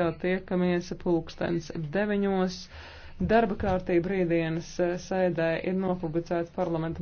kā tiekamies pulkstens deviņos. Darba kārtība rītdienas eh, sēdē ir nopublicēta parlamenta.